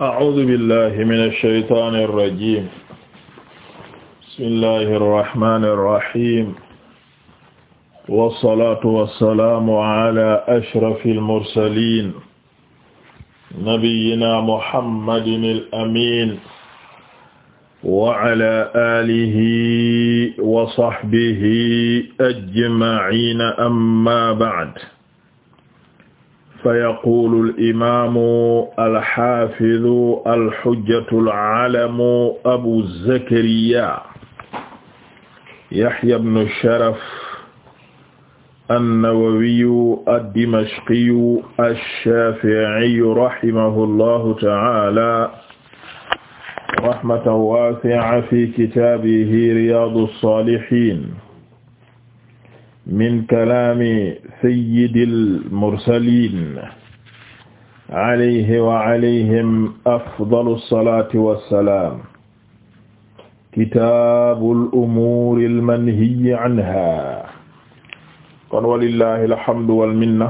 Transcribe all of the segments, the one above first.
أعوذ بالله من الشيطان الرجيم بسم الله الرحمن الرحيم والصلاة والسلام على أشرف المرسلين نبينا محمد الأمين وعلى آله وصحبه أجمعين أما بعد fa yaqulu al'imamu alxafidu alxujjatu alalamu abu zakariya yahya bnu sharaf annawawiyu addimashqiyu alshafiiyu rahimahu allahu taala rahmatan waasi'a fi kitaabihi riyaadu saalihiin min kalaami sayyidil mursaliin alayhi wa alayhim afdalu salaati wa salaam kitaabul umuuril manhiyyi anhaa kon walillahi alhamdu wal minna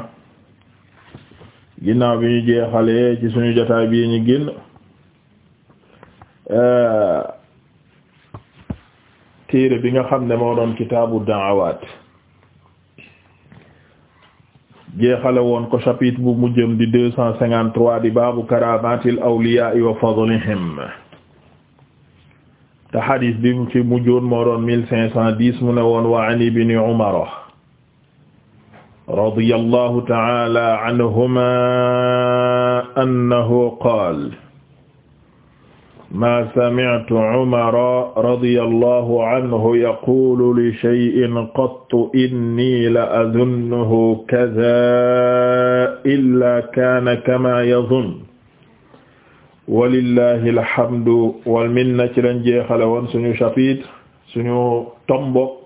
ginnaaw bi ñu jeexalee ci suñu jotaay bi ñu génn euh, téere bi nga xam ne moo doon kitaabu da'awaat jeexale woon ko chapitre bu mujjëm di deux cent cinquante trois di baabu karamatil awliya wa fadlihim te xadis bi ci mujjoon moo doon mille cinq cent dix mu ne woon wa an ibni umar radiyallahu ta'ala anhuma annahu qaala ma sami'tu Umara radiyallahu anhu yaqulu li shay'in qattu inni la azunnuhu kaza illa kana kama yazun walillahi alhamdu wal minna ci lañ jeexale woon suñu chapitre suñu tombo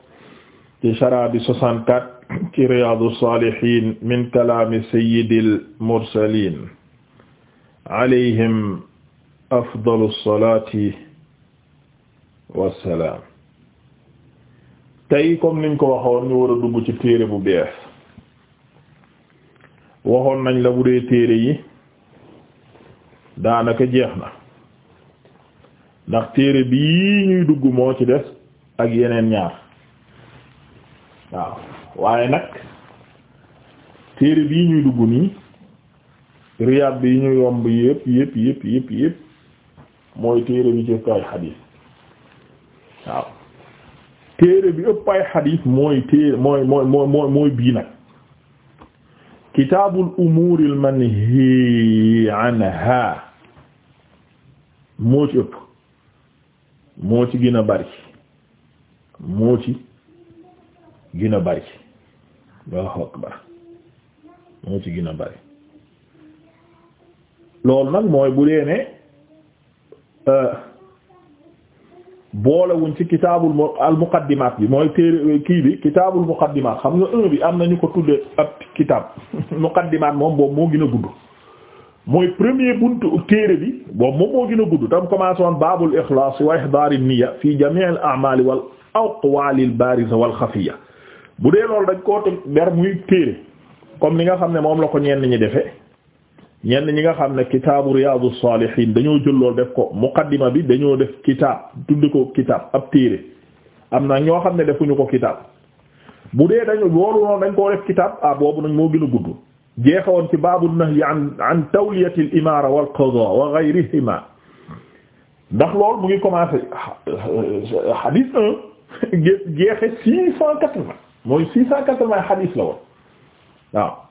ci sharh bi 64 ci Riyadus Salihin min kalami sayyidil mursalin alayhim afdalu salaati wassalaam tey comme niñ ko waxoon ñu war a dugg ci téere bu bees waxoon nañ la bu dee téere yi daanaka jeex na ndax téere bii ñuy dugg moo ci des ak yeneen ñaar waaw waaye nag téere bii ñuy dugg nii riyaat bi ñu yomb yépp yépp yépp mooy téere bi ci ëpp ay xadiis bi ëpp ay xadiis mooy téere mooy mooy mooy mooy bii nag kitaabul umuuril manhii anhaa moo ci ëpp moo ci gën a bari moo ci a bari Allahu ci gën a bari loolu nag mooy bu ne boolewuñ ci kitaabul al muqaddimaat bi mooy téere kii bi kitaabul muqaddimaat xam nga un bi am na ñu ko tuddee ab kitaab muqaddimaat moom boobu moo gën a gudd. mooy premier buntu téere bi boobu moom moo gën a gudd tam commencé woon baabul ixlaas wa ihdaari niyya fi jamii al wal aqwaali al baariza wal xafiya bu dee loolu dañ koo teg ber muy téere comme ni nga xam ne moom la ko ñenn ñi defee ñenn ñi nga xam ne kitaabu riyaadu saalihiin dañoo jël lool def ko muqaddima bi dañoo def kitaab tudd ko kitaab ab téere am na ñoo xam ne defuñu ko kitaab bu dee dañu loolu noonu dañ koo def kitaab ah boobu nag moo gën a gudd jeexawoon ci baabu nahyi an an tawliyati al imaara wal qadaa wa ghayrihima ndax loolu mu ngi commencé hadith jeexe six cent quatre-vingts mooy six cent quatre-vingts hadith la woon waaw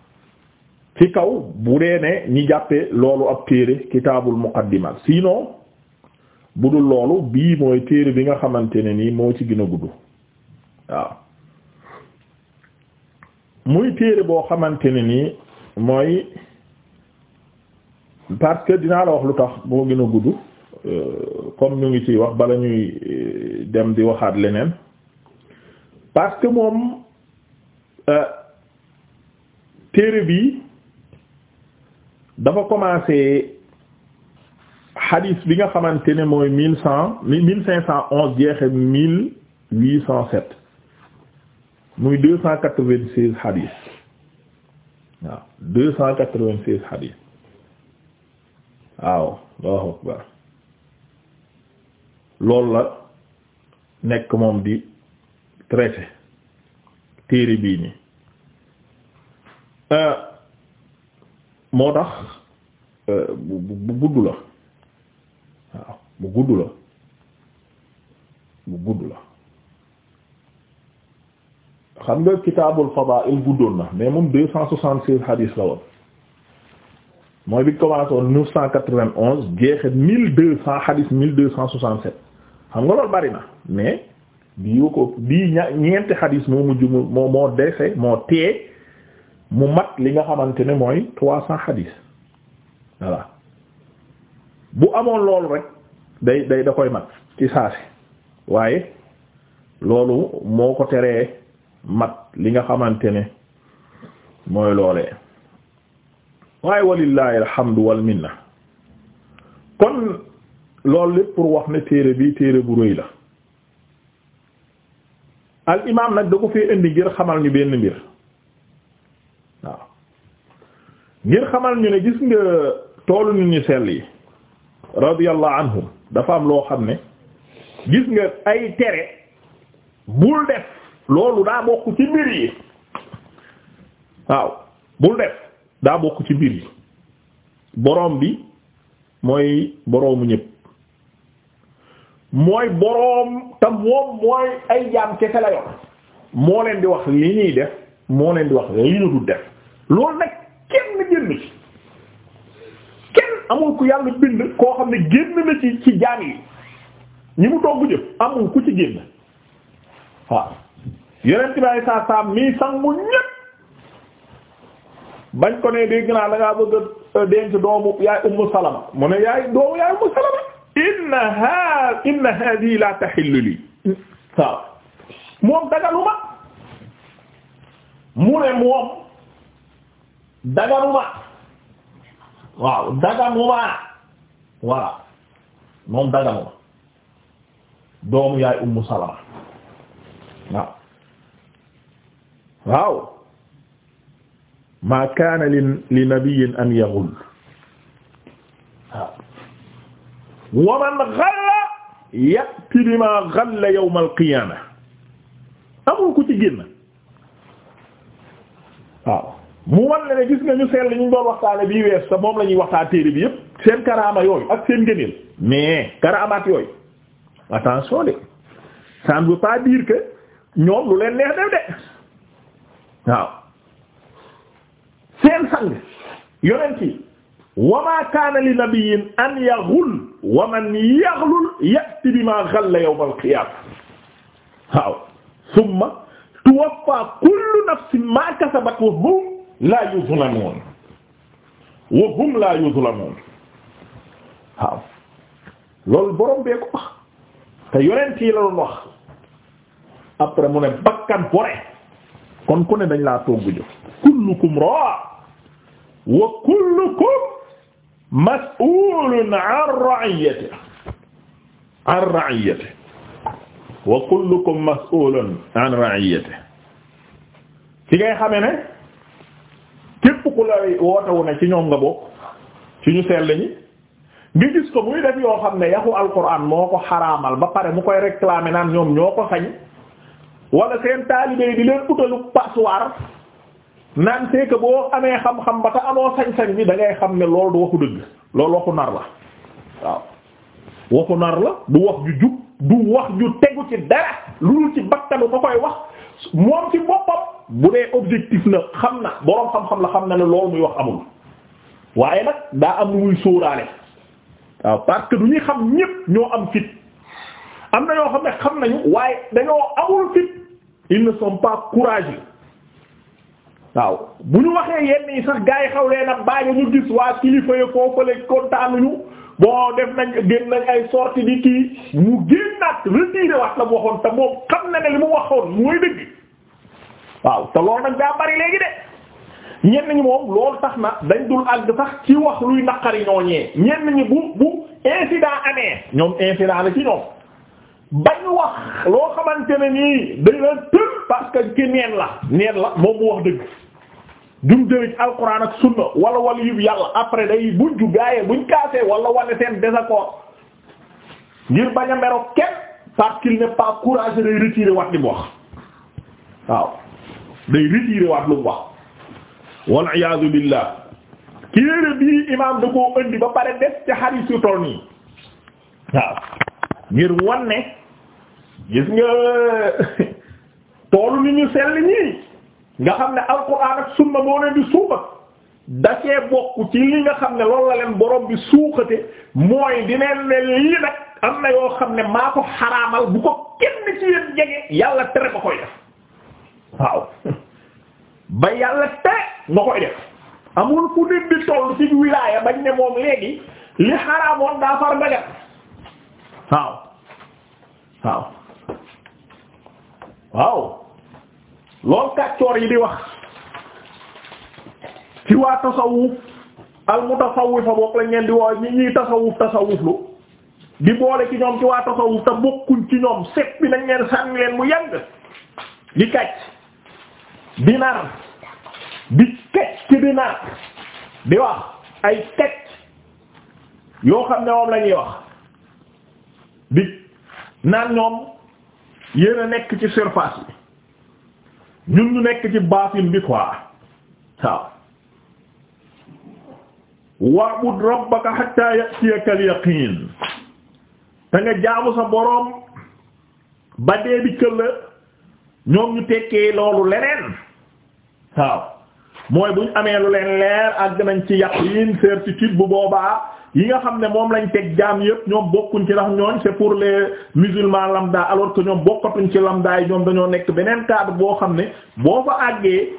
ci kaw bu dee ne ñi jàppee loolu ab téere kitaabul muqaddimat sinon bu dul loolu bii mooy téere bi nga xamante ne nii moo ci gën a gudd waaw muy boo xamante ne nii mooy parce que dinaa la wax lu tax moo gën a gudd euh, comme ñu ngi ciy wax bala ñuy euh, dem di waxaat leneen parce que moom euh, téere bi dafa commencé hadith bi nga xamante ne mooy mille cent mille cinq cent onze jeexe mille huit cent sept muy deux cent quatre vingt seize hadith waaw deux cent quatre vingt seize hadith waaw Allahu la nekk moom di traité téere bii nii euh, moo tax euh, bu gudd la waaw bu gudd la bu gudd la xam nga kitaabul fadaa'il guddoon na mais moom deux cent soixante-seize hadith la woon mooy bi commencé woon neuf cent quatre-vingt-onze jeexe mille deux cent hadith mille deux cent soixante-sept xam nga loolu bari na mais bii ko bii ña- ñeenti hadith moo mujj moo moo dese moo tee mu mat li nga xamante ne mooy trois cents hadith voilà bu amoon loolu rek day day da koy mat ci saasi waaye loolu moo ko teree mat li nga xamante ne mooy loolee waaye walillahi alhamdu wal minna kon loolu lépp pour wax ne téere bi téere bu rëy la al imaam nag da ko fee indi ngir xamal ñu benn mbir ngir xamal ñu ne gis nga toolu nit ñu sell yi radiyallahu anhum dafa am loo xam ne gis nga ay tere bul def loolu daa bokk ci mbir yi waaw bul def daa bokk ci mbir yi boroom bi mooy boroomu ñépp mooy boroom te moom mooy ay jaam kese la yor moo leen di wax li ñuy def moo leen di wax li ñu dul def loolu nag kenn génn amul ku yàlla bind koo xam ne génn na ci ci jaam ñi mu togg jëf amul ku ci génn waaw yonent bi saa saa mii sangu ñépp bañ ko ne dégg naa da ngaa bëgg doomu yaay ummu salama mu ne yaay doomu yaay ummu salama inna ha inna hadi la tahillu li waaw moom dagaluma mu ne moom daganuma waaw daganuma voilà moom daganuma doomu yaay ummu salama waaw waaw ma kaana li li nabiyyin an yaghul waaw wa man ghalla ya'ti bima ghalla yawm al-qiyaamah amul ku ci génn waaw mu wan la ne gis nga ñu sell ñu doon waxtaane bii wees sa moom la ñuy waxtaan téere bi yépp seen karaama yooyu ak seen ngëneel mais karaamaat yooyu attention de ça ne veut pas dire que ñoom lu leen neex def de waaw seen sang yonent yi wa ma kaana li nabiyyin an yaghul wa man yaghlul ya'ti bima ghalla yawm al-qiyamah waaw thumma tuwaffa kullu nafsin ma kasabat wa hum laa yuzlamuun wa hum laa yuzlamuun waaw loolu borom bee ko wax te yonent yi la doon wax après mu ne bakkan bore kon ku ne dañ laa togg jëf kullukum raa wa kullukum mas'uulun an ra'iyyatihi an ra'iyyatihi wa kullukum mas'uulun an ra'iyyatihi fi ngay xame ne képp ku lay wootewu ne ci ñoom nga bokk ci ñu sell ñi nga gis ko muy def yoo xam ne yaxu alquran moo ko xaraamal ba pare mu koy réclamer naan ñoom ñoo ko sañ wala seen taalibe yi di leen utalu passoir naan c'est que boo amee xam-xam ba te amoo sañ-sañ bi dangay xam ne loolu du waxu dëgg loolu waxu nar la waaw waxu nar la du wax ju jub du wax ju tegu ci dara lu dul ci bakkanu ko koy wax moom ci boppam bu dee objectif na xam na boroom xam-xam la xam na ne loolu muy wax amul waaye nag daa am lu muy sóoraale waaw parce que du ñuy xam ñépp ñoo am fit am na ñoo xam ne xam nañu waaye dañoo amul fit ils ne sont pas courageux waaw bu ñu waxee yenn yi sax gaa yi xaw leen a baa ñu gis waa kilifa yi foofu la kontaan ñu bon def nañ génn nañ ay sorti di kii mu génnaat retiré wax la mu waxoon te moom xam na ne li mu waxoon mooy dëgg waaw te loolu nag daa bari léegi de ñenn ñi moom loolu tax na dañ dul àgg sax ci wax luy naqari ñooñee ñenn ñi bu bu incident amee ñoom incident la ci ñoom bañ wax loo xamante ne nii dañ la tër parce que ki neen la neen la moom mu wax dëgg dum jëlee ci alquran ak sunna wala wala yu yàlla après day buñ ju bu ñu kaasee wala wane seen ko ngir bañ a meroo kenn parce qu'il n'est pas courageux day retirer waat li wax day retirer waat lu wax. wal iyaadu billah ki bii imaam da koo indi ba pare des ci hadith yu toll nii waaw ngir wan ne gis toolu ni ñu sell ñii. nga xam ne alquran ak sunna moo leen di suuxat da cee bokk ci li nga xam ne loolu la leen borom bi suuxate mooy di neen ne lii nag am na yoo xam ne maa ko xaraamal bu ko kenn ci yéen jege yàlla tere ba koy def waaw ba yàlla tere nga koy def amul ku nit di toll ci wilaaya bañ ne moom léegi li xaraamoon daa far nga waaw waaw waaw lool kàccoor yi di wax ci waa tasawuf al mutasawwifa bokk lañ leen di woowe ñi ñuy tasawuf tasawuf lu di boole ci ñoom ci waa tasawuf te bokkuñ ci ñoom set bi nañ leen sànni leen mu yàgg di kàcc di nar di kàcc di nar di wax ay kàcc yoo xam ne moom lañuy wax di naan ñoom yéen a nekk ci surface bi ñun ñu nekk ci baatin bi quoi waaw wa'bud rabbaka hatta ya'tiyaka al-yaqin te nga jaamu sa boroom ba dee bi këlla ñoom ñu tekkee loolu leneen waaw mooy buñ amee lu leen leer àgg nañ ci yaqiin certitude bu boobaa yi nga xam ne moom lañ teg jaam yëpp ñoom bokkuñ ci ndax ñooñ c'est pour les musulmans lambda alors que ñoom bokkatuñ ci lambda yi ñoom dañoo nekk beneen cadre boo xam ne boo fa àggee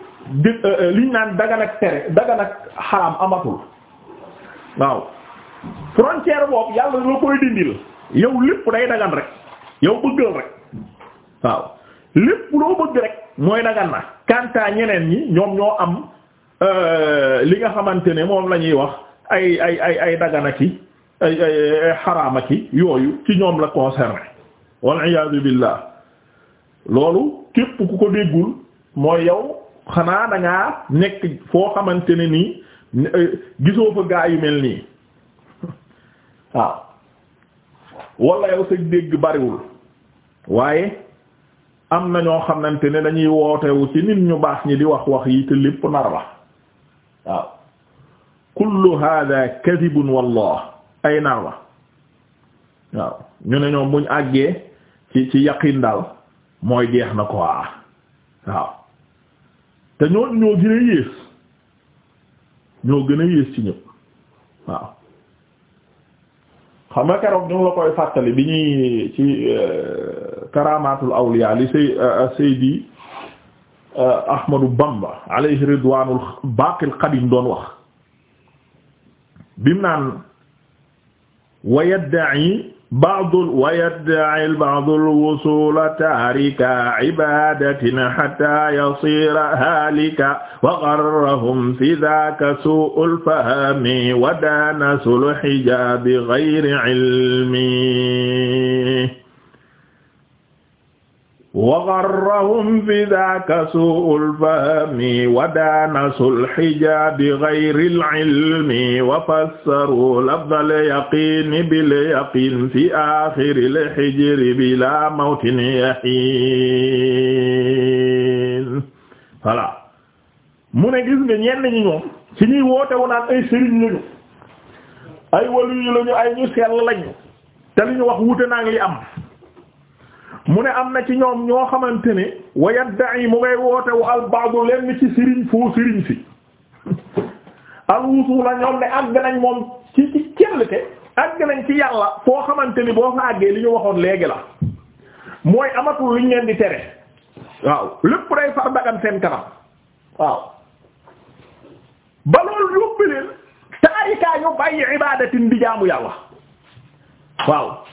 euh, euh, liñ naan dagan ak tere dagan ak xaraam amatul waaw frontière boobu yàlla loo koy dindil yow lépp day dagan rek yow bëggal rek waaw lépp loo bëgg rek mooy dagan na quant à ñeneen ñi ñoom ñoo am euh, li nga xamante ne moom la ñuy wax ay ay ay ay dagana ki ay ay xaraama ki yooyu ci ñoom la concerné wal iyaadu billah loolu képp ku ko déggul mooy yow xanaa da nekk foo xamante ne nii eh, gisoo fa gaa yu mel nii waaw wala yow sa dégg bariwul waaye am na ñoo xamante ne dañuy wootewu ci nit ñu baax ñi di wax wax yi te lépp nar la waaw kullu hada kadibun wallah ay nar la waaw ñu ne ñoom buñ àggee ci ci yaqin daal mooy jeex na ko waa waaw te ñoo ñoo gën a yées ñoo gën a yées ci ñëpp waaw xam nga keroog ñu la koy fàttali bi ñuy ci euh, karamatul awliya li say euh, euh, saydi ahmadu bamba alayhi ridwanul baqil qadim doon wax bim naan wa yadda'i ba'dul wa yadda'i ba'dul wusul tarika ibadatin hatta yasira halika wa gharrahum fi dhaka su'ul fahmi wa danasul hijabi ghayri ilmi wa garrahum fi daaka su'ul fahmi wa daanasul hijaabi gayril ilmi wa fassaru lafdal yaqiini bil yaqiin fi aaxiril hijri bilaa mawtin yahiin voilà mu ne gis nga ñenn ñi ñoom ci ñuy woote wu naan ay sëriñ lañu ay waliyu lañu ay ñu sell lañu te li ñu wax wuute naa ngi li am mu ne am na ci ñoom ñoo xamante ne wa yadda'i mu ngay woote wa al ba'du leen ci sëriñ foo sëriñ si al wusula ñoom ne àgg nañ moom ci ci cellte àgg nañ ci yàlla foo xamante ni boo fa àggee li ñu waxoon léegi la mooy amatul luñ leen di tere waaw lépp day far dagan seen kanam waaw ba loolu yóbbi leen taarikaa ñu bàyyi ibaadatin di jaamu yàlla waaw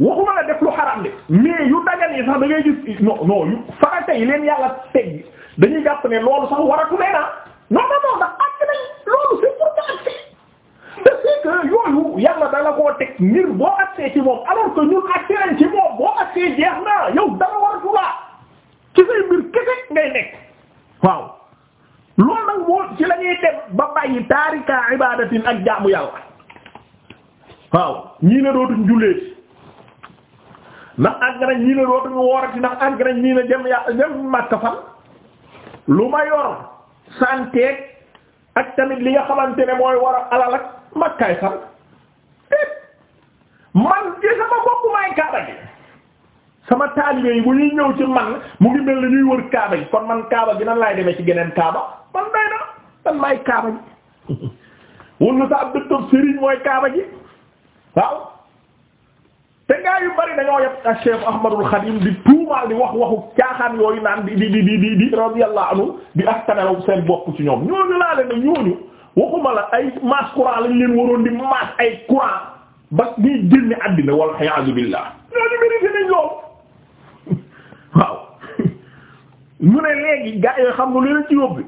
waxuma la def lu xaram de mais yu dagan yi sax da ngay gis non non yu yi leen yàlla teg dañuy jàpp ne loolu sax waratu leen ah non non non ndax àgg nañ loolu c'est pour nga àgg te c'est que yooyu yàlla da la teg ngir boo àgsee ci moom alors que ñun àgg nañ ci moom boo àgsee jeex na yow dara waratu la ci say mbir kese ngay nekk waaw loolu nag moo ci la ñuy ba bàyyi taarika ak jaamu yàlla waaw ñii ne dootuñ jullee. ndax àgg nañ ñii ne dootuñu woorati ndax àgg nañ ñii ne dem ya dem Makka fan lu ma yor santeeg ak tamit li nga xamante ne mooy war a alal ak Makkaay fan man ci sama bopp maay Kaaba gi sama taalibe yi bu ñuy ñëw ci man mu ngi mel ni ñuy wër Kaaba gi kon man Kaaba bi nan laay demee ci geneen Kaaba man day na man maay Kaaba gi wul na sa ab dëkk Serigne mooy Kaaba gi waaw. te gaa yu bari dañoo yëpp ak Cheikh Ahmadul Khadim di tuumaal di wax waxu caaxaan yooyu naan di di di di di radiyallahu anhu di askanalaw seen bopp ci ñoom ñooñu laa leen ne waxuma la ay masse courant lañ leen waroon di masse ay courant ba ñuy génne àddina wal iyaazu billah loolu mu ne léegi gaa yooyu xam nga leen ci yóbbu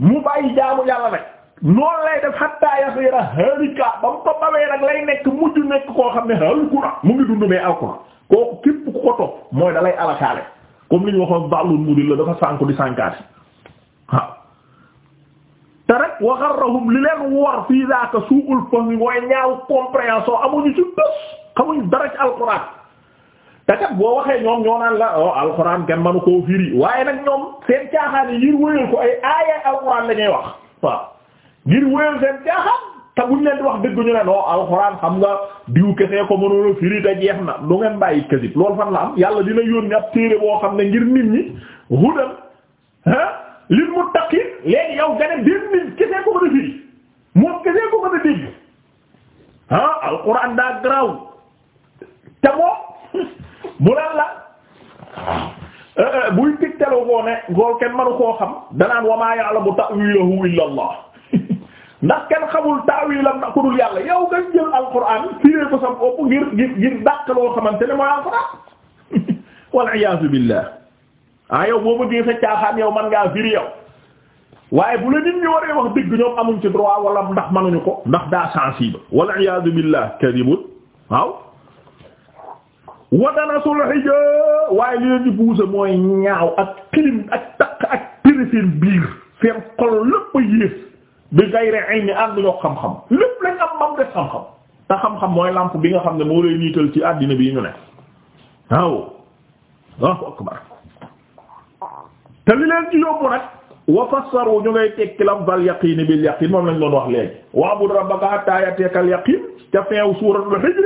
mu bàyyi jaamu yàlla nag noonu lay def xatta yasira halika ba mu ko nag lay nekk mujj nekk koo xam ne halkuna mu ngi dundu mais alkuna kooku képp ku ko topp mooy dalay alakaale comme li ñu waxoon dallul mudil la dafa sànku di sànkaati waaw te rek waxarrahum li leen war fii daaka suu'ul fahmi mooy ñaaw compréhension amuñu ci bés xamuñ dara ci alquran te kat boo waxee ñoom ñoo naan la oh alquran kenn manu koo firi waaye nag ñoom seen caaxaan yi ngir wëyal ko ay aaya alquran la ñuy wax waaw ngir wéyal seen caaxaan te leen di wax dëgg ñu ne non alxuraan xam nga diw kese ko mënoon firi te jeex na lu ngeen bàyyi kësib lool fan la am yàlla dina yónni ab téere boo xam ne ngir nit ñi hudal ah lil muttaqin léegi yow nga ne biir nit kese ko mën a firi moom kese ko mën a dégg ah alxuraan daa garaaw te moom mu daan la. Eh, eh, buy tigtaloo koo ne gool kenn manu koo xam danaan wa maa ya'lamu ta'wiilahu illa Allah ndax kenn xamul taawilam na ku dul yàlla yow nga jël alquran firee ko sa bopp ngir ngir ngir dàq loo xamante ne mooy alquran wal iyaazu billah ah yow boo bëggee sa caaxaan yow man ngaa firi yow waaye bu la nit ñi waree wax dëgg ñoom amuñ ci droit wala ndax manuñu ko ndax daa sensible wal iyaazu billah kadibun waaw wadanasul hija waaye li leen di buusa mooy ñaaw ak tilim ak takk ak périfine biir seen xol lépp yées bi gayri ilmi ànd ñoo xam-xam lépp lañ am mam def xam-xam te xam-xam mooy làmp bi nga xam ne moo lay niital ci àddina bi ñu ne waaw Allahu akbar te li leen ci yóbbu nag wa fassaru ñu ngay tekki lafzal yaqiini bil yaqiin moom lañ doon wax léegi wa'bud rabbaka hattaa ya'tiyakal yaqiin ca feew suuratul hijr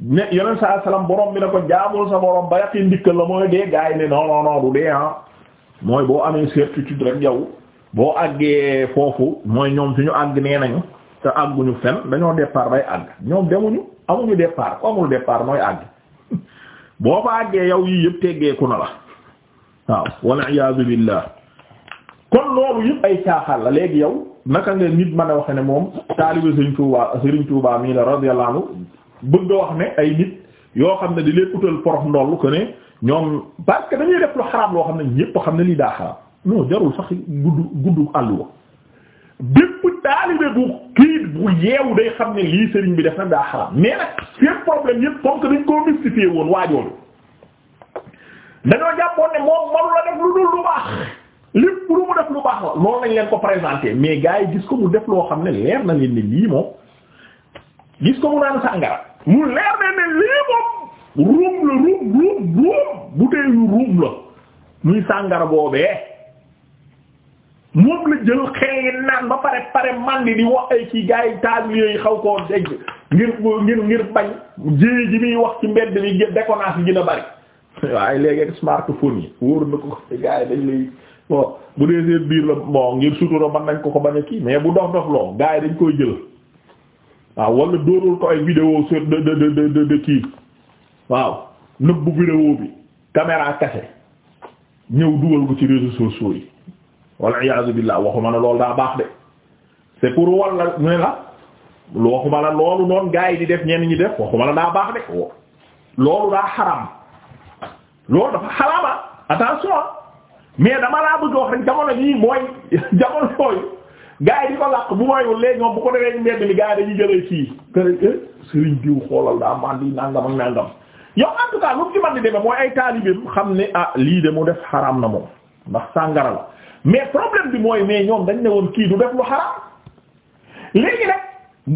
ne yeneen saa salaam borom bi ne ko jaamul sa borom ba yaqiin dikkal la mooy dee gaay ne non dee ah mooy boo amee certitude rek yow. boo àggee foofu mooy ñoom suñu ñu àgg nee nañu te àgguñu fen dañoo départ bay àgg ñoom demuñu amuñu départ ku amul départ mooy àgg boo fa àggee yow yii yëpp teggeeku na la waaw walla iyaazu billaah kon loolu yëpp ay caaxal la léegi yow naka nga nit ma a waxe ne moom taalibe Sëriñ Tuubaa Sëriñ Tuubaa mii la radiyallaahu anhu bëgg a wax ne ay nit yoo xam ne di leen utal porof ndoll ko ne ñoom parce que dañuy def lu xaraam loo xam ne ñépp xam ne lii daa xaraam non jarul sax gudd gudd àlluwa bépp taalibe bu kii bu yeewu day xam ne lii sëriñ bi def na daa xaram mais nag problème yëpp comme dañ koo mystifié woon waajooju dañoo jàppoon ne moom manu def lu dul lu baax lépp lu mu def lu baax loolu lañ leen ko présenté mais gars yi gis ko mu def loo xam ne leer na leen ne lii moom gis ko mu naan sàngara mu leer na ne lii moom ruum la ruum ruum ruum bu teeyu ruum la muy sàngara boobee moom la jël xëy naan ba pare pare mandi di wax ay kii gars taal taalibe yi xaw koo dégg ngir ngir ngir bañ jii ji muy wax ci mbedd bi déconnance yi gën a bari waaye léegi ak smartphone yi wóor na ko gars yi dañ lay bon bu dee seen biir la moo ngir sutura man nañ ko ko bañ a kii mais bu dox dox loo gars dañ koy jël waaw wala dóorul ko ay vidéo sur de de de de de waaw nëbbu vidéo bi caméra cassée ñëw dugal ko ci réseaux sociaux yi. wal iyaazu billaah waxuma na loolu daa baax de c'est pour walla mu ne la waxuma la loolu noonu gaa yi di def ñenn ñi def waxuma la daa baax de loolu daa xaram loolu dafa xarama attention mais dama laa bëgg wax rek jamono jii mooy jamono yooyu gaa yi di ko làq bu mooyul léegi ñoom bu ko defee mbedd mi gaa yi dañuy jëlee kii kër sëriñ diw xoolal daa mandi nangam ak nangam yow en tout cas lu mu ci di demee mooy ay taalibeem xam ne ah lii de mu def xaram na moom sàngara mais problème bi mooy mais ñoom dañ ne woon kii du def lu xaraam léegi nag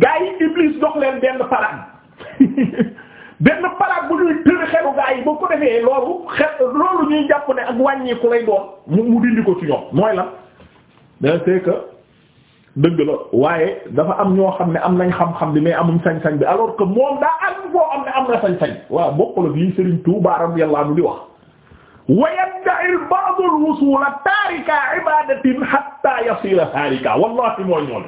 gaa yi Iblis dox leen benn parade benn parade bu ñuy tëri xelu gaa yi ba ko defee loolu xel loolu ñuy jàpp ne ak wàññiku lay doon mu mu dindi ko ci ñoom mooy lan mais c'est que dëgg la waaye dafa am ñoo xam ne am nañ xam-xam bi mais amuñ sañ-sañ bi alors que moom daa am foo am ne am na sañ-sañ waaw bokkul ak lii Serigne Touba radiyallahu anhu di wax. wa yadda'i ba'du al-wusula taarika ibadatin hatta yasila taarika wallahi mooy ñoom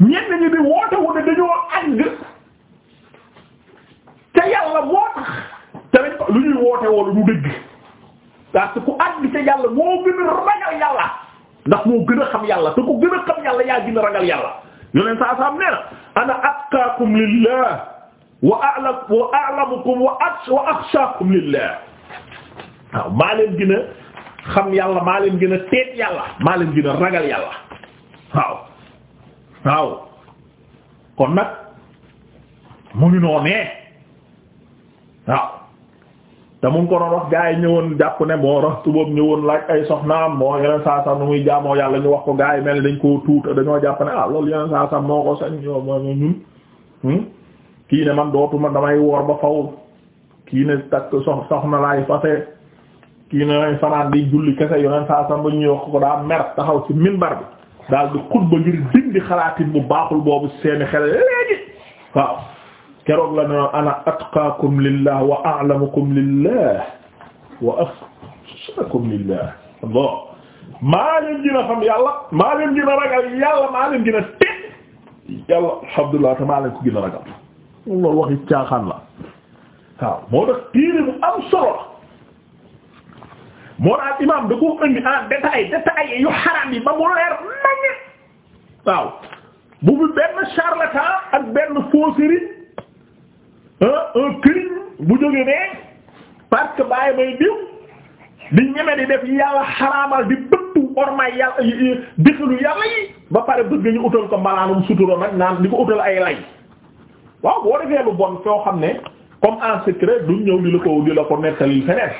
ñenn ñi di woote wu ne dañoo àgg te yàlla moo tax te lañ ko lu ñuy woote woolu du dëgg parce que ku àgg ca yàlla moo gën a ragal yàlla ndax moo gën a xam yàlla te ku gën a xam yàlla yaa gën a ragal yàlla yoneen saa saam nee na ana atqaakum lillah wa a'lamukum wa akhshaakum lillah waaw maa leen gën xam yàlla maa leen gën a teet yàlla maa leen gën ragal yàlla waaw waaw kon nag mu ngi noonee waaw te mu ngi ko wax gaa yi ñëwoon jàpp ne moo rax tubaab ñëwoon laaj ay soxnaam moo yeneen saa sax nu muy jaamoo yàlla ñu wax ko gaa yi mel dañ koo tuuta dañoo jàpp ne ah loolu yeneen saa sax moo ko sañ ma moo ñun hmm? kii ne man dootuma damay woor ba faw kii ne takk soxna laay fase kii ne nañ fanaan di julli kese yoneen saa sam ba ñuy wax ko daa mer taxaw ci minbar bi daal di xutba dindi xalaatin bu baaxul boobu seeni xel léegi waaw keroog la ne ana atqaakum lillah wa Allah maa leen ragal yàlla maa leen ragal loolu waxi caaxaan la waaw moo tax am solo moo daal imaam da ko indi en détail yu xaraam yi ba mu leer nañu waaw bu bu benn charlatan ak benn faux sérieux un crime bu jógee ne parce que bàyyi may diw di ñeme di def yàlla xaraamal di bëttu ormay yàlla dëxalu yàlla yi ba pare bëgg ñu utal ko malaanum sutura nag naan di ko utal ay lay waaw boo defee lu bon soo xam ne comme en secret duñ ñëw di la ko di la ko nettali feneen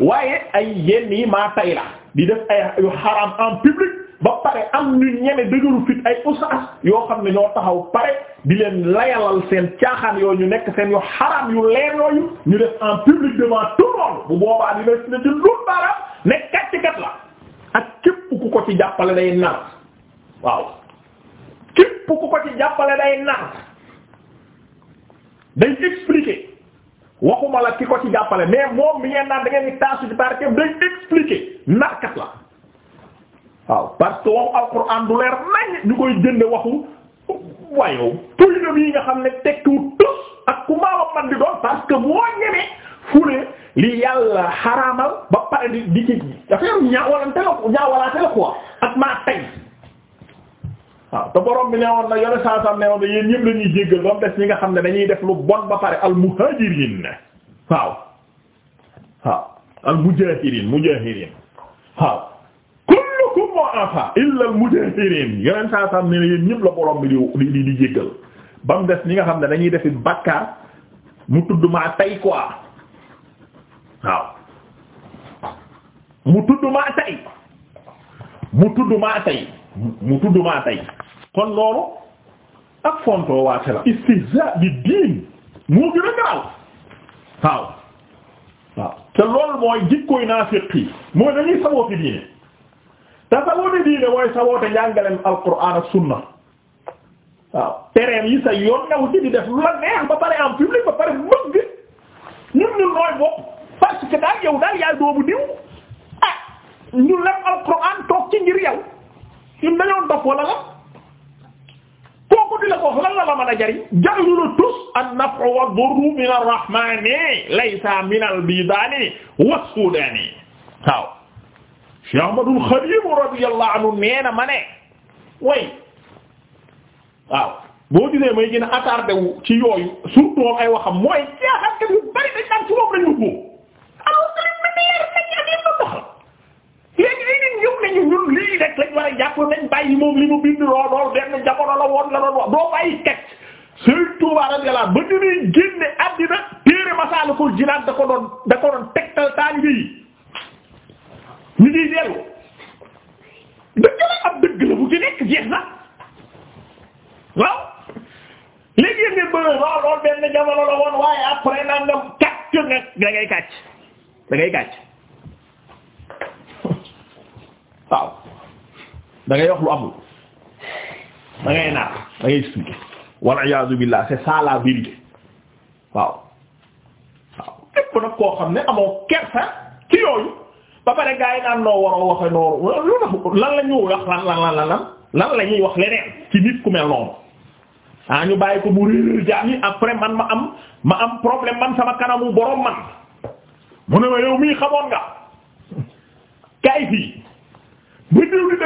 waaye ay yenn yi maa tay la di def ay yu xaraam en public ba pare am ñu ñeme dëgëru fit ay ustaas yoo xam ne ñoo taxaw pare di leen layalal seen caaxaan yooyu ñu nekk seen yu xaraam yu leer yooyu ñu def en public devant tout le bu boobaa di leen si ne ci luut baaraam ne kàccikat la ak képp ku ko ci jàppale day nar waaw képp ku ko ci jàppale day nar day expliquer. waxuma la ki ko ci jàppale mais moom mi ngeen naan da ngeen di taasu ci barkeem dañ expliquer narkat la waaw parce que waxu alquran du leer nañ ñu koy jënde waxu wayow tuy yi nga xam ne tekkiwu tus ak ku maawa man di doon parce que moo ñemee fule li yàlla xaraamal ba pare di di ci affaire ñaawalante la ñaawalaate la quoi ak maa tay waaw te borom bi ne woon na yone saa sam ne woon na yéen ñëpp la ñuy jéggal ba mu des ñi nga xam ne dañuy def lu bon ba pare al muhajirin waaw waaw al mujahirin mujahirin waaw kullukum mu'afa illa al mujahirin yone saa sam ne yéen ñëpp la borom bi di di di jéggal ba mu des ñi nga xam ne dañuy def it bakkaar mu tudd maa tay quoi waaw mu tudd maa tay mu tudd maa tay mu tudd maa tay kon loolu ak fontoo waate la istihza bi diin moo gën a garaaw waaw waaw te loolu mooy jikkooy naafiq yi mooy dañuy saboote diine te saboote diine mooy saboote njàngaleem alquran ak sunna waaw tereem yi sa yoon new ci di def lu la neex ba pare en public ba pare bëgg ñun ñu nooy bopp parce que daal yow daal yaay doobu diw ah ñu lem alquran toog ci ngir yow ñun dañoo dof wala la kooku di la ko lan la la mën a jariñ jariñu la tus an-naf'u wad-durru min ar-rahmani laysa min al-bidani was-sudani waaw Cheikh Ahmadul Xadim radiyallahu anhu nee na ma ne way waaw boo gisee may gën a attardé wu ci yooyu surtout ay waxam mooy jeexal yu bari dañ daan ci moom lañu ko kecc lañ war a jàpp nañ bàyyi moom li mu bind lool lool benn jamono la woon la doon wax doo bàyyi kecc Sëriñ Tuubaa radiyallaahu ba ñu nuy génne àddina téere Masaalikul Jinaan da ko doon da ko doon tegtal taalibe yi ñu ngi dellu dëgg la ab dëgg la bu ci nekk jeex na waaw léegi yéen ngeen bëgg waaw loolu benn jamono la woon waaye après naan nga kàcc nga da ngay kàcc da ngay kàcc waaw da ngay wax lu amul da ngay naan da ngay expliquer wal iyaazu billah c'est ça waaw waaw nag koo xam ne amoo kersa ci yooyu ba pare gaa yi naan noo waroo waxe noo lan la ñu wax ñuy wax leneen ci nit ku mel noonu ah ñu bàyyi ko mu réeréer jaam après man ma am ma am problème man sama kanamu borom man mu ne ma yow mii xamoon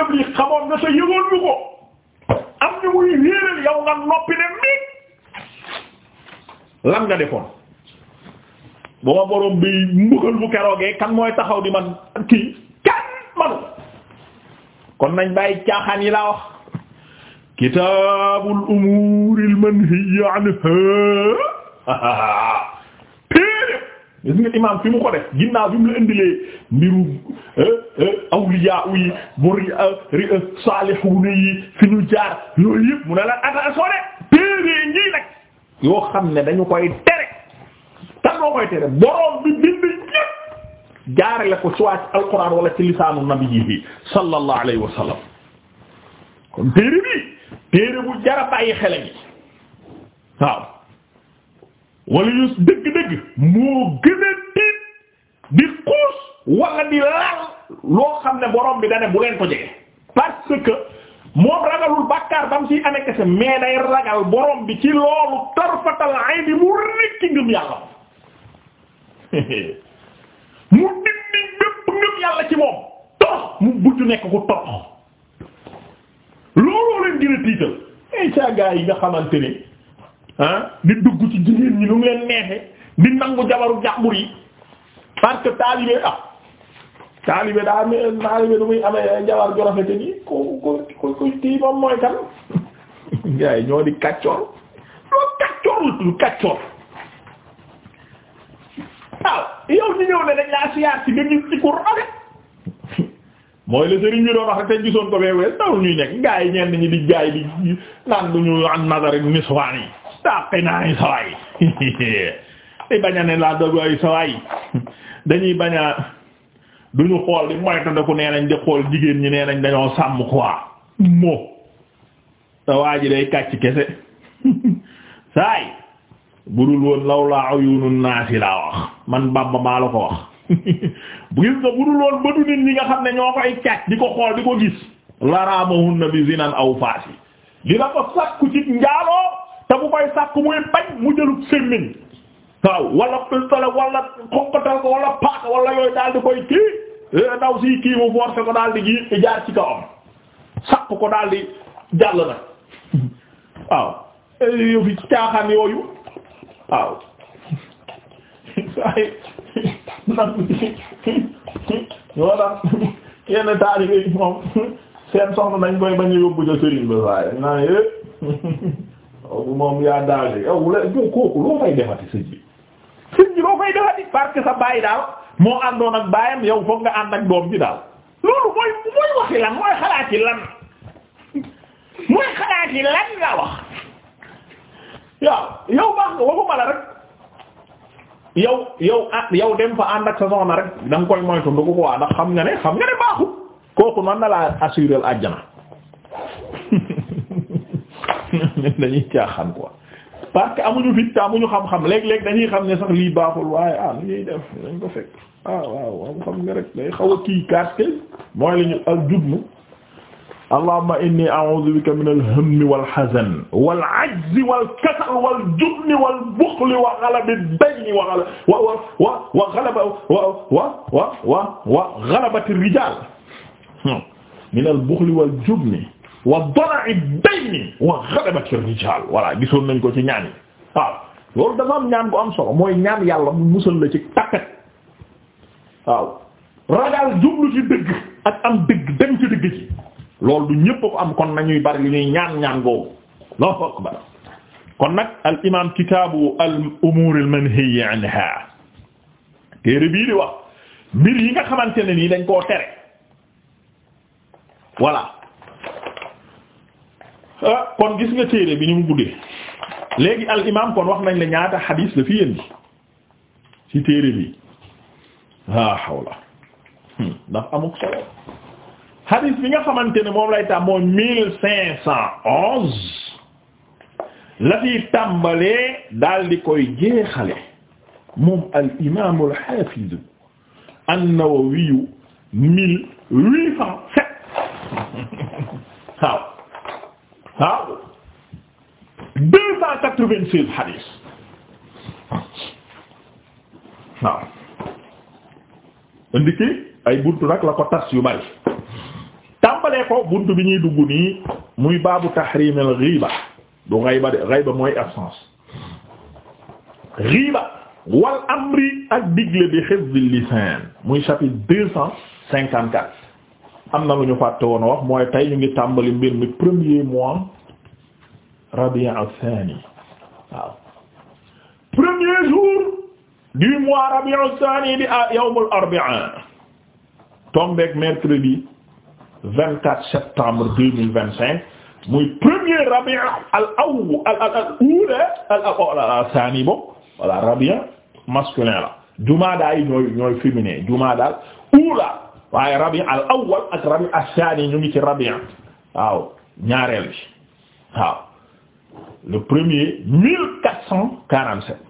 def lii xamoon na sa yëgoon ñu ko am ñu muy yéeral yow nga noppi ne miig lan nga defoon bu ma borom bi mbugal bu keroogee kan mooy taxaw di man kii kan manu kon nañ bàyyi caaxaan yi laa wax kitaabul umuuril manhiyyi anhaa gis nga imaam fi mu ko def ginnaaw bi mu la indilee mbiru euh, euh, awliya bu euh, ri saalihuna yi fi ñu jaar yooyu yëpp mu ne la attention de téere ñii nag yoo xam ne dañu koy tere tan noo koy tere boroom bi bind ñëpp jaarale ko soit ci alquran wala ci lisaanu nabiyyi sallallahu alayhi wa sallam bi téere bu jara bàyyi xele gi waaw wala yus dëgg-dëgg moo gën a tiit di xuus wala di laal loo xam ne borom bi da ne bu leen ko jege parce que moom ragalul bàkkaar ba mu siy amee kese mais day ragal borom bi ci loolu tarfatal ay bi mu rekki ngëm yàlla mu dindi bépp ngëm yàlla ci moom tox mu bujj nekk ku tox looloo leen gën a tiital ay eh, caagaa yi nga xamante ni ah di dugg ci jigéen ñi nu mu leen neexe di nangu jabaru jàmbur yi parce que taalibe ah taalibe daa am taalibe du muy amee jabar ju rafet ni ku ku ku ku kii moom mooy kan gars yi ñoo di kàccoor loolu kàccoor la tudd kàccoor waaw yow ñu ñëw ne dañ laa siyaar ci nga gis ci ku rafet ah, mooy le sëriñ bi doon wax te gisoon ko bee wees taw ñuy nekk gars yi ñenn ñi di gars yi di naan du ñu an nazari niswaan yi tàppe naay sawaay di bañ a ne laa dogooy sawaay dañuy bañ a duñu xool di moytandiku nee nañ di xool jigéen ñi nee nañ dañoo sàmm quoi moo sawaa ji day kàcc kese saay budul woon lawlaa uyunun naasi laa wax man Bamba maa la ko wax bu gis nga budul woon bëtu nit ñi nga xam ne ñoo koy càcc di ko xool di ko gis laraamahunna bi zinan aw faasi dina ko sakku ci njaaloo te bu koy sàkk muy bañ mu jëlut sémmiñ waaw wala pistolet wala xonqatal ko wala paaka wala yooyu daal di koy kii eh, ndaw si kii mu forcé ko daal di gi jaar ci kawam sàkk ko daal di jàll na waaw eh, yow fi caaxaan yooyu waaw waaye nag ñoo tax moom seen soxna dañ koy bañ yóbbu ca sëriñ ba waaye naa kooku moom yaa danger yow la yow kooku loo fay defati sëñ bi loo fay defati parce sa baay daal moo àndoon ak baayam yow foog nga ànd ak doom ji daal loolu mooy mooy waxi lan mooy xalaati lan mooy wax waaw yow baax nga waxuma la rek yow yow ah, dem fa ànd ak sa soxna rek da koy moytu ndugu ko waa ndax xam nga ne xam nga ne baaxul kooku man na laa assurer àjjana ñun dañuy caaxaan quoi parce que amuñu fit te amuñu xam-xam léeg-léeg dañuy xam ne sax lii baaxul waaye ah nu ñuy def dañ ko fekk ah waaw xam nga rek day xaw a kii kàrte mooy la ñu al jublu allahumma inni a'udhu bika min al-hammi wal-hazan wal-'ajzi wal-kasal wal-jubni wal-bukhli wa ghalab ad-dayni wa ghalab wa wa wa wa ghalab wa wa wa wa ghalabati ar-rijal hmm. min al-bukhli wal-jubni wa dala'i bayni wa ghadabati rijal voilà gisoon nañ ko ci ñaan yi waaw loolu dafa am ñaan bu am solo mooy ñaan yàlla mu musal la ci takkat waaw ragal jublu ci dëgg ak am dëgg dem ci dëgg ci loolu du ñépp ko am kon nañuy bari li ñuy ñaan ñaan googu Allahu akbar kon nag al imam kitaabu al umuur al manhiy anha téere bii di wax mbir yi nga xamante ne nii dañ koo tere voilà Ah, kon gis nga téere bi ni mu guddee léegi al imam kon wax nañ la ñaata xadiis la fi yéen ci téere bi ah hawla hmm, ndax amuk solo xadiis bi nga xamante ne moom lay tàm moom mille cinq cent la fi tàmbalee daal di koy jeexale moom al imam al hafiz an-Nawawi mille waaw deux cent quatre ay buntu nag la ko tas yu bari tàmbalee ko buntu bi ñuy dugg nii muy baabu tahrimil ghiba du ghayba de ghayba mooy absence ghiba wal amri ak digle bi hifz al muy chapitre deux cent cinquante-quatre am na lu ñu fàtte woon wax mooy tey ñu ngi tàmbali mbir mi premier mois rabi' al-thani waaw premier jour du mois rabi' al-thani di yawm al-arba'a tombeek mercredi vingt-quatre septembre deux mille vingt-cinq muy premier rabi' al-awwal al-ula al-awwal al-thani boobu voilà rabi' masculin la jumaa daal yi ñooy ñooy féminin daal ula waaye rabi al awwal ak rabi as-sani ñu ngi ci rabi waaw ñaareel bi waaw le premier mille quatre cent quarante-sept